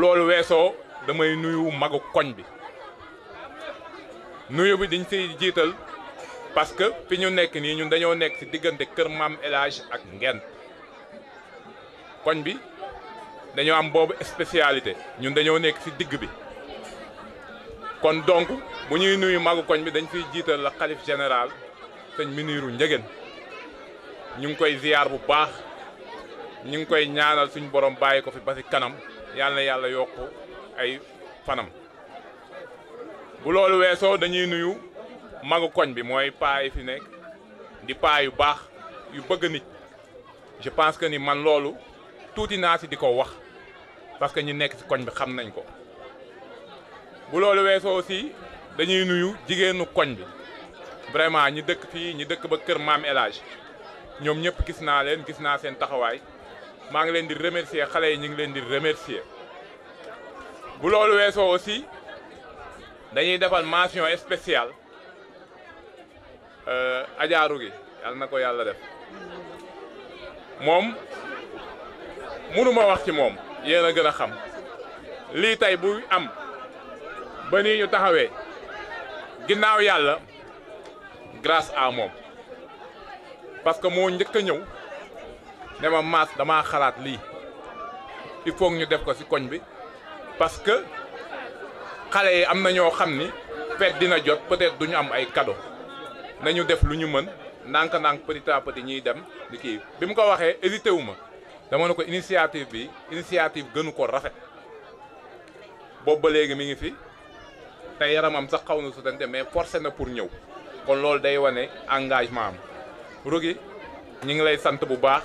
loolu weesoo damay nuyu magu koñ bi nuyu bi dañ siy jiital parce que fi ñu nekk nii ñun dañoo nekk si diggante kër maam El ak Ngent koñ bi dañoo am boobu spécialité ñun dañoo nekk si digg bi kon donc bu ñuy nuyu magu koñ bi dañ fiy jiital la xalif général sëñ Miniru Njëgeen ñu ngi koy ziyaar bu baax ñu ngi koy ñaanal suñu borom bàyyi ko fi ba si kanam yàlla na yàlla yokk ay fanam bu loolu weesoo dañuy nuyu magu koñ bi mooy paa yi fi nekk di paa yu baax yu bëgg nit je pense que ni man loolu tuuti naa si di ko wax parce que ñu nekk si koñ bi xam nañ ko bu loolu weesoo aussi dañuy nuyu jigéenu koñ bi vraiment ñi dëkk fii ñi dëkk ba kër maam El ñoom ñëpp gis naa leen gis naa seen taxawaay maa ngi leen di remercier xale yi ñu ngi leen di remercier bu loolu weesoo aussi dañuy defal mention spéciale euh, ajaaru gi yàlla na ko yàlla def moom mënuma wax moom yéen a gën a xam lii tey bu am ba nii taxawee ginnaaw yàlla grace à moom parce que moo njëkk a ñëw ne ma maas damaa xalaat lii il faut ñu def ko ci koñ bi parce que xale yi am na ñoo xam ni fête dina jot peut-être duñu am ay cadeau nañu def lu ñu mën ndànk-ndànk petit à petit ñuy dem di kii bi mu ko waxee hésité wu ma dama ne ko initiative bi initiative gënu ko rafet boobu ba léegi mi ngi fi te yaramam sax xaw na sutante mais forcé na pour ñëw kon loolu day wane engagement am Rougui ñi ngi lay sant bu baax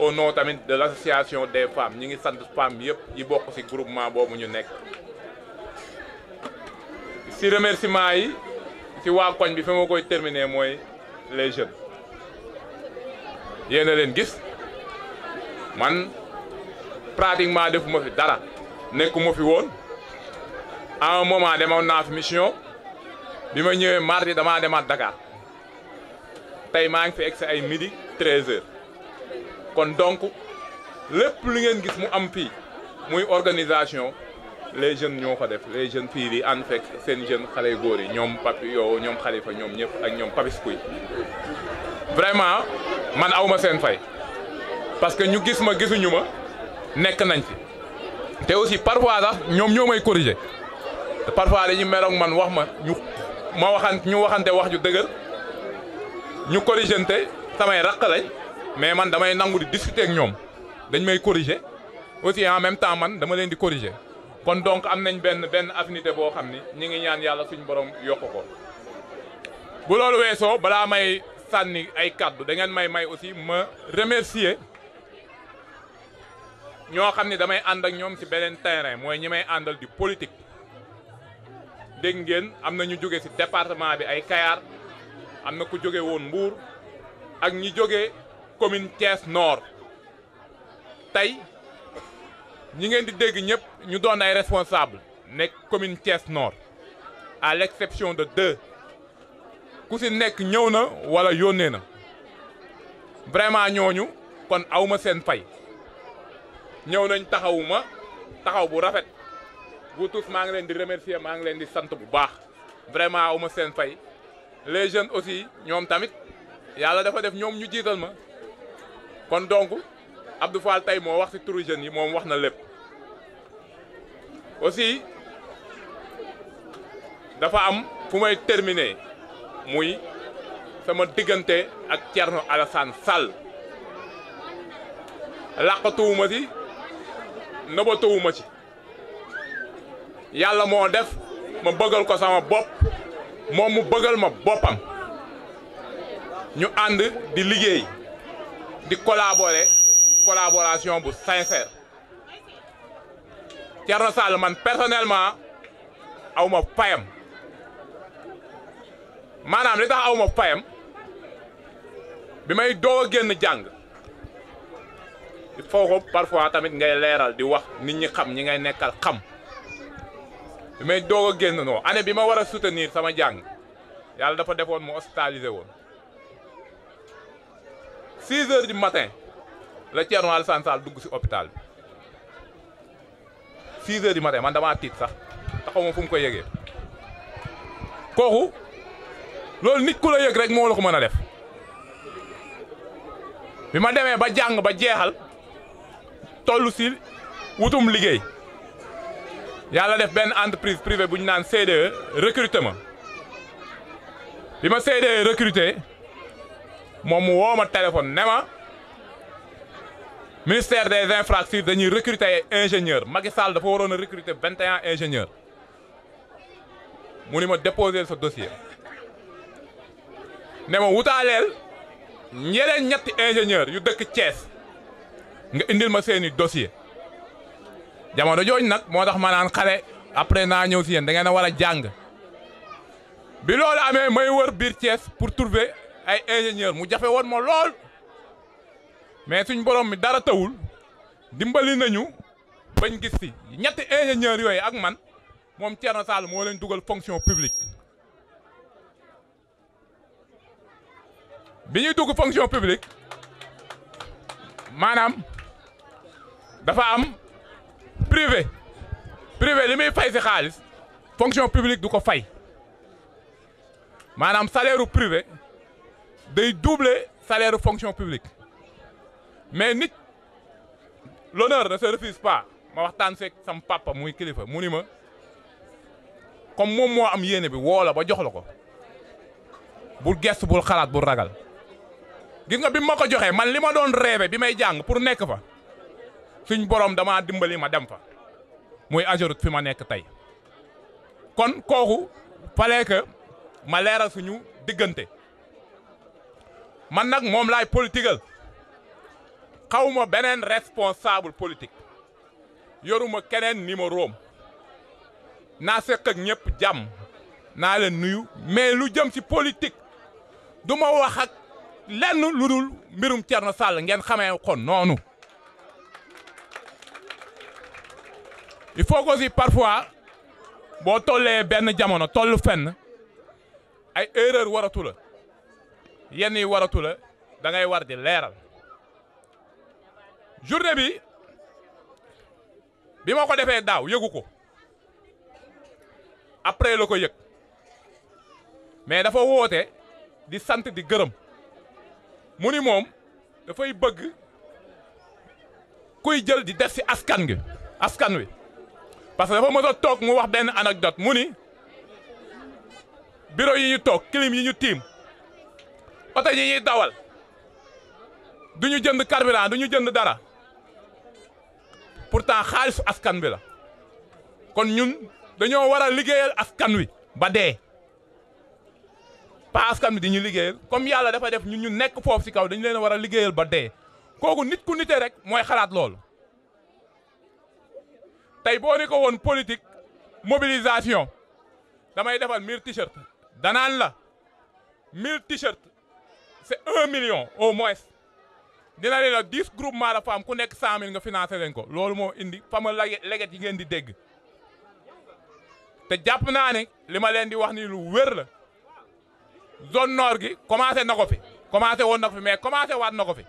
au nom tamit de l' association des femmes ñi ngi sant femmes yëpp yi bokk ci groupement boobu ñu nekk ci remerciement yi ci waa koñ bi fi ma koy terminer mooy les jeunes yéen a leen gis man pratiquement defuma fi dara nekkuma fi woon à un moment demoon naa fi mission bi ma ñëwee mardi damaa demaat Dakar tey maa ngi fi egg si ay midi 13 kon donc lépp lu ngeen gis mu am fii muy organisation les jeunes ñoo ko def les jeunes fii di ànd fekk seen jeunes xale góor yi ñoom papi yow ñoom xalifa ñoom ñëpp ak ñoom papis kuy vraiment man awma seen fay parce que ñu gis ma gisuñu ma nekk nañ ci te aussi parfois sax ñoom ñoo may corriger te parfois dañuy meroog man wax ma ñu ma waxan ñu waxante wax ju dëgër ñu corrigente samay raq lañ mais man damay nangu di discuter ak ñoom dañ may corriger aussi en même temps man dama leen di corriger kon donc am nañ benn benn affinité boo xam ni ñi ngi ñaan yàlla suñu borom yokk ko bu loolu weesoo balaa may sànni ay kaddu da ngeen may may aussi ma remercier ñoo xam ni damay ànd ak ñoom si beneen terrain mooy ñi may àndal di politique dégg ngeen am na ñu jóge si département bi ay Kayar am na ku jóge woon mbuur ak ñi jóge commune Thiès Nord tey ñi ngeen di dégg ñëpp ñu doon ay responsable nekk commune Thiès noor à l'exception de deux ku si nekk ñëw na wala yónnee na vraiment ñooñu kon awma seen fay ñëw nañ taxawuma taxaw bu rafet vous tous maa ngi leen di remercier maa ngi leen di sant bu baax vraiment awma seen fay les aussi ñoom tamit yàlla dafa ñoom ñu jiital ma kon donc Abdou Fall tey moo wax si turu jeunes yi moom wax na lépp aussi dafa am fu may terminer muy sama diggante ak Thierno Alassane Sall làqatuwuma ci nëbatuwuma ci yàlla moo def ma bëggal ko sama bopp moom mu bëggal ma boppam ñu ànd di liggéey di collaborer collaboration bu sincère Thierno Sall man personnellement aw ma fayam maanaam li tax aw ma fayam bi may doog a génn jàng il faut que parfois tamit ngay leeral di wax nit ñi xam ñi ngay nekkal xam bi may doog génn noo année bi ma war a soutenir sama jàng yàlla dafa defoon mu hospitalisé woon. six heures du matin la Thierno Alassane dugg si hôpital bi six heures du matin man damaa tiit sax taxaw ma fu mu ko yëgee kooku loolu nit ku la yëg rek moo la ko mën a def bi ma demee ba jàng ba jeexal toll si wutum liggéey la def benn entreprise privée bu ñu naan CDE recruté ma bi ma CDE recruté. moom mu woo ma téléphone ne ma ministère des infrastructures dañuy recruter ay ingénieurs Macky Sall dafa waroon a recruter vingt et mu ni ma déposer sa dossier ne ma wutaaleel ñeneen ñetti ingénieurs yu dëkk Thiès nga indil ma seeni dossier jamono jooju nag moo tax ma naan xale après naa ñëw si yéen da ngeen a war a jàng bi loolu amee may wër biir Thiès pour trouver. ay ingénieur mu jafe woon ma lool mais suñ borom mi dara tawul dimbali nañu bañ gis si ñetti ingénieur yooyu ak man moom Thierno Sall moo leen dugal fonction publique bi ñuy dugg fonction publique maanaam dafa am privé privé li muy fay si xaalis fonction publique du ko fay maanaam salaire privé day duuble salaire fonction publique mais nit l'honneur ne se refuse pas ma waxtaan seeg sam papa muy kilifa mu ni ma comme moom moo am yéene bi woo ba jox la ko bu gestu bu xalaat bu ragal gis nga bi ma ko joxee man li ma doon rêvé bi may jàng pour nekk fa suñ boroom damaa dimbali ma dem fa muy Ageroute fi ma nekk tey kon kooku fallait que ma leeral suñu diggante. man nag moom laay politigal xawma beneen responsable politique yoruma keneen numéroom naa seq ak ñëpp jàmm naa leen nuyu mais lu jëm si politique du ma wax lenn lu dul mbirum na Sall ngeen xamee ko noonu il faut aussi parfois boo tollee benn jamono toll fenn ay erreur waratu la yenn yi waratu la da ngay war di leeral journée bi bi ma ko defee daaw yëgu ko après la ko yëg mais dafa woote di sant di gërëm mu ni moom dafay bëgg kuy jël di def ci askan gi askan wi parce que dafa mën toog mu wax benn anecdote mu ni biro yi ñu toog clim yi ñu tiim oto yi dawal du ñu jënd carburant du ñu jënd dara pourtant xaalisu askan bi la kon ñun dañoo war a liggéeyal askan wi ba dee pas askan bi di ñu liggéeyal comme yàlla dafa def ñun ñu nekk foofu ci kaw dañu leen war a ba dee kooku nit ku nite rek mooy xalaat loolu tey boo ni ko woon politique mobilisation damay defal mille t danaan la c' est un million au moins dina leen la dix groupement de femmes ku nekk cent mille nga financé leen ko loolu moo indi fama leget yi ngeen di dégg te jàpp naa ne li ma leen di wax nii lu wér la zone nord gi commencé na ko fi commencé woon na ko fi mais commencé waat na ko fi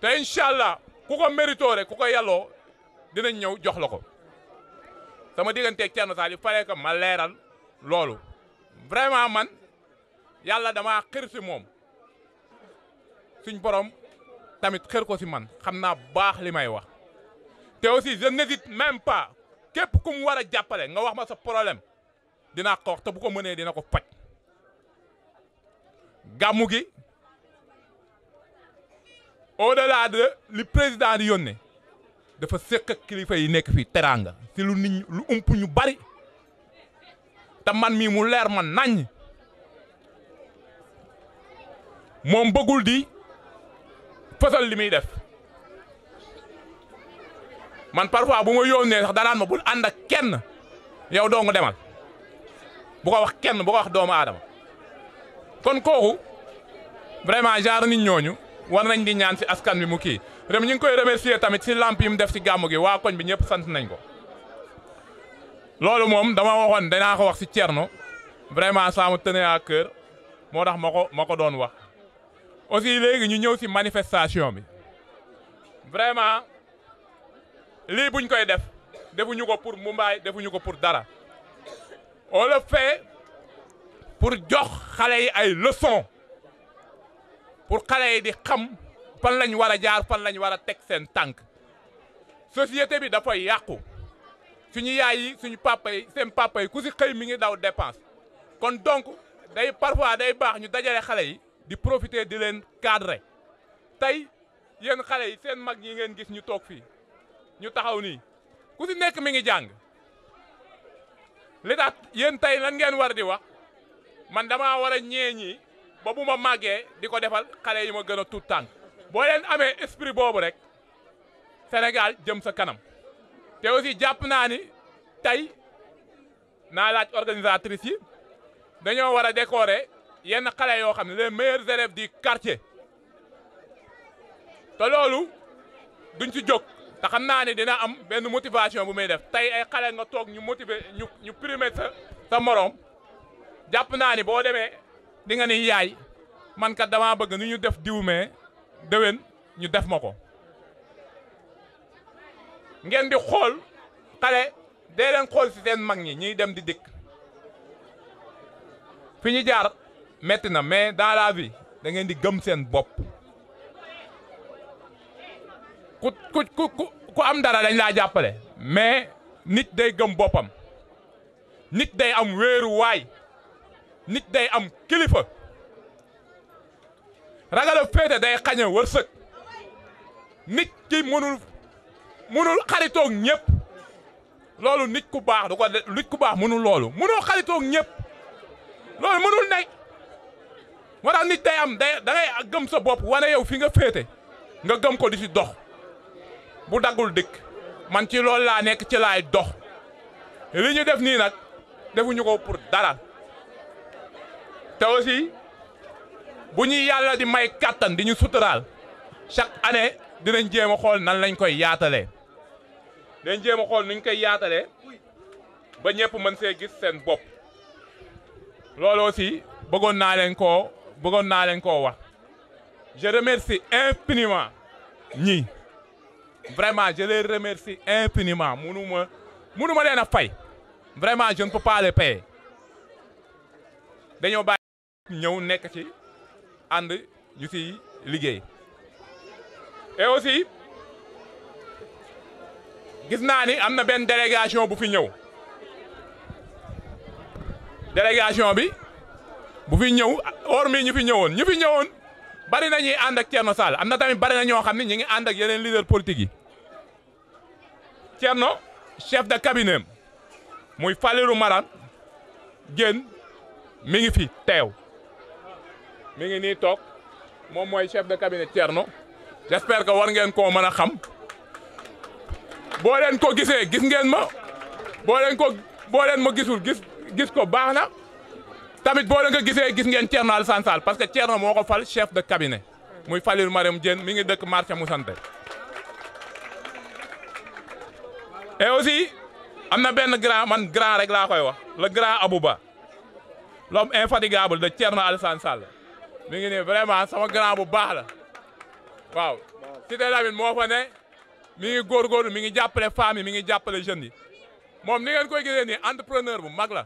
te incha allah ku ko mérito ku ko yalloo dinañ ñëw jox la ko sama digganteeg Thierno Sall il fallait que ma leeral loolu vraiment man. yàlla dama xër si moom suñ borom tamit xër ko si man xam naa baax li may wax te aussi je n'hésite même pas képp ku mu war a jàppale nga wax ma sa problème dinaa ko wax te bu ko mënee dina ko faj gàmmu gi au delà de li président di yónnee dafa sëkk kilifa yi nekk fii teraanga si lu nit lu ump bari te man mii mu leer man nañ moom bëggul di fësal li muy def man parfois bu ma yónnee sax danaan ma bul ànd ak kenn yow dong demal bu ko wax kenn bu ko wax doomu aadama kon kooku vraiment genre nit ñooñu war nañ di ñaan si askan bi mu kii rem ñu ngi koy remercier tamit si lamp yi mu def si gàmmu gi waa koñ bi ñëpp sant nañ ko loolu moom dama waxoon danaa ko wax si Thierno vraiment ça me tenait à cœur moo tax ma ko ma ko doon wax aussi léegi ñu ñëw si manifestation bi vraiment lii buñ koy def defuñu ko pour Mumbaay defuñu ko pour dara on le fait pour jox xale yi ay leçon pour xale yi di xam fan lañ war a jaar fan lañ war a teg seen tànk société bi dafay yàqu suñu yaay yi suñu papa yi seen papa ku si xëy mi ngi daw dépense kon donc day parfois day baax ñu dajale xale yi di profiter di leen cadrer tey yéen xale yi seen mag yi ngeen gis ñu toog fii ñu taxaw nii ku si nekk mi ngi jàng li tax yéen tey lan ngeen war di wax man dama war a ñee ñi ba bu ma màggee di ko defal xale yi ma gën a tuut tànk boo leen amee esprit boobu rek Sénégal jëm sa kanam te aussi jàpp naa ni tey naa laaj organisatrice yi dañoo war a décorer yenn xale yoo xam ne les meilleurs élèves di quartier te loolu duñ ci jóg te xam naa ne dina am benn motivation bu muy def tey ay xale nga toog ñu motiver ñu ñu primer sa moroom jàpp naa ni boo demee di nga ni man kat damaa bëgg nu ñu def diwmee déwén ñu def ma ko ngeen di xool xale dee xool si seen mag ñi ñuy dem di dikk fi ñu jaar metti na mais dans la vie ngeen di gëm seen bopp ku ku ku am dara dañ laa jàppale mais nit day gëm boppam nit day am waay nit day am kilifa ragal a féete day xañe wërsëg nit ki mënul mënul xaritoog ñëpp loolu nit ku baax du ko ku baax mënul loolu mënul xaritoog ñëpp loolu mënul nekk moo tax nit day am da da ngay gëm sa bopp wane yow fi nga féete nga gëm ko di ci dox bu daggul dikk man ci loolu laa nekk ci laay dox li ñu def nii nag defuñu ko pour dara te si bu ñuy yàlla di may kàttan di ñu suturaal chaque année dinañ jéem a xool nan lañ koy yaatalee dinañ jéem a xool nuñ koy yaatalee ba ñëpp mën see gis seen bopp si aussi bëggoon naa leen ko bëggoon naa leen koo wax je remercie ñii ñi vraiment je les remercie infiniment munu ma munu ma leen a fay vraiment je ne peux pas les payer dañoo bàyyi ñëw nekk ci ànd ñu ci liggéey et aussi gis naa ni am na benn délégation bu fi ñëw délégation bi bu fi ñëw or mi ñu fi ñëwoon ñu fi ñëwoon bari na ñuy ànd ak Thierno Sall am na tamit bari na ñoo xam ne ñu ngi ànd ak yeneen leader politique yi Thierno chef de cabinet muy Falilou Marane génn mi ngi fi teew mi ngi nii toog moom mooy chef de cabinet Thierno j'espère que war ngeen koo mën a xam boo leen ko gisee gis ngeen ma boo leen ko boo leen ma gisul gis gis ko baax na. tamit boo nga gisee gis ngeen Thierno Alassane Sall parce que Thierno moo ko fal chef de cabinet muy Falil Mariam Diène mi ngi dëkk marché Moussante et aussi am na benn grand man grand rek laa koy wax le grand Abouba l'homme infatigable de Thierno Alassane Sall mi ngi nii vraiment sama grand bu baax la waaw Cité Lamy moo fa ne mi ngi góorgóorlu mi ngi jàppale femmes yi mi ngi jàppale jeunes yi moom ni ngeen koy gisee nii entrepreneur bu mag la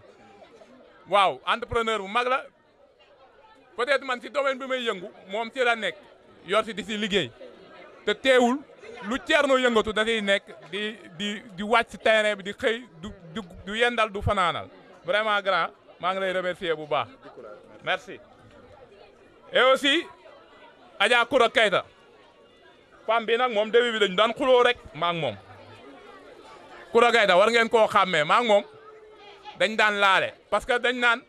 waaw entrepreneur bu mag la peut-être man si domaine bi may yëngu moom si la nekk yor si di si liggéey te teewul lu ceernoo yëngatu dafay nekk di di di wàcc si terrain bi di xëy du du du yendal du fanaanal vraiment grand maa ngi lay remercier bu baax merci et aussi Adja Koura Keita femme bi nag moom début bi dañu daan xuloo rek maa ngi moom Koura Keita war ngeen koo xàmmee maa ngi dañ daan laale parce que dañ naan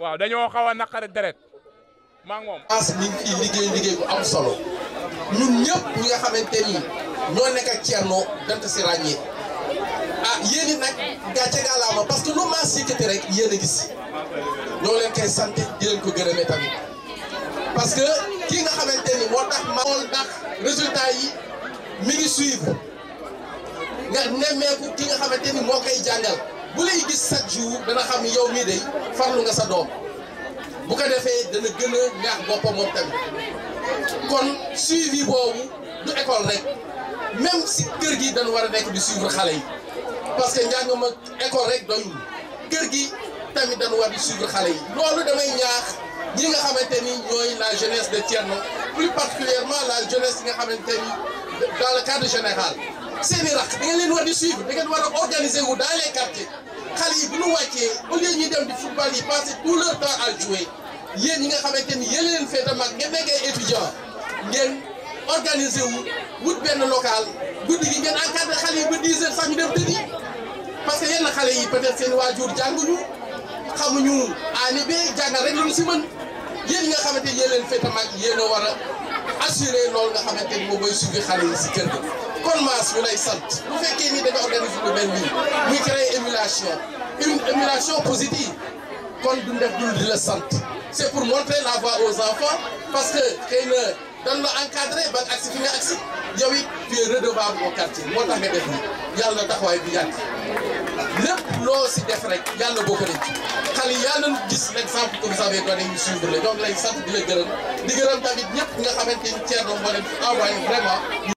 waaw dañoo xaw a naqare deret maa moom. ñu ngi liggéey liggéey bu am solo ñun ñëpp ñi nga xamante ni ñoo nekk ak Thierno dant si ràññee ah yéen nag gàcce gaalaama parce que lu maas yëkkati rek yéen a gis ñoo leen koy sant di leen ko gërëmee tamit parce que kii nga xamante ni moo tax ma xool ndax résultat yi mi ngi suivre nga nemmeeku ki nga xamante ni moo koy jàngal. bu lay gis chaque jour dana xam ni yow mii day farlu nga sa doom bu ko defee dana gën a neex boppam moom tamit kon suivi boobu du école rek même si kër gi dana war a nekk di suivre xale yi parce que njàng ma école rek doyul kër gi tamit dañu war di suivre xale yi loolu damay ñaax ñi nga xamante ni ñooy la jeunesse de Thierno plus particulièrement la jeunesse yi nga xamante ni dans le cadre général seeni rakk da leen war di suivre da ngeen war a organiser wu dans les xale yi bu ñu wàccee au lieu ñuy dem di yi passer tout leur temps à xamante ni yéen leen fee mag ngeen nekk ay étudiant ngeen organiser wu wut benn local guddi gi ngeen encadré xale yi ba 10 sax ñu dem tëddi parce que yenn xale yi peut-être seen waajur jànguñu xamuñu aani be jàngal rek lañu si mën yéen nga xamante ni yéen leen fee mag yéen a war a assurer loolu nga xamante ni moom mooy suivi xale yi si kër kon maas ñu lay sant bu fekkee ni da nga organiser lu mel une émulation positive kon du def dul di la sant c'est pour montrer la voie aux enfants parce que xëy na encadré ba nga agsi fi nga agsi yow it tu es redevable au quartier moo tax nga def nii yàlla taxawaay bi yàgg lépp loo si def rek yàlla gis l'exemple que vous avez donné ñu suivre la donc lay sant di la gërëm di tamit ñëpp nga xamante ni Thierno moo leen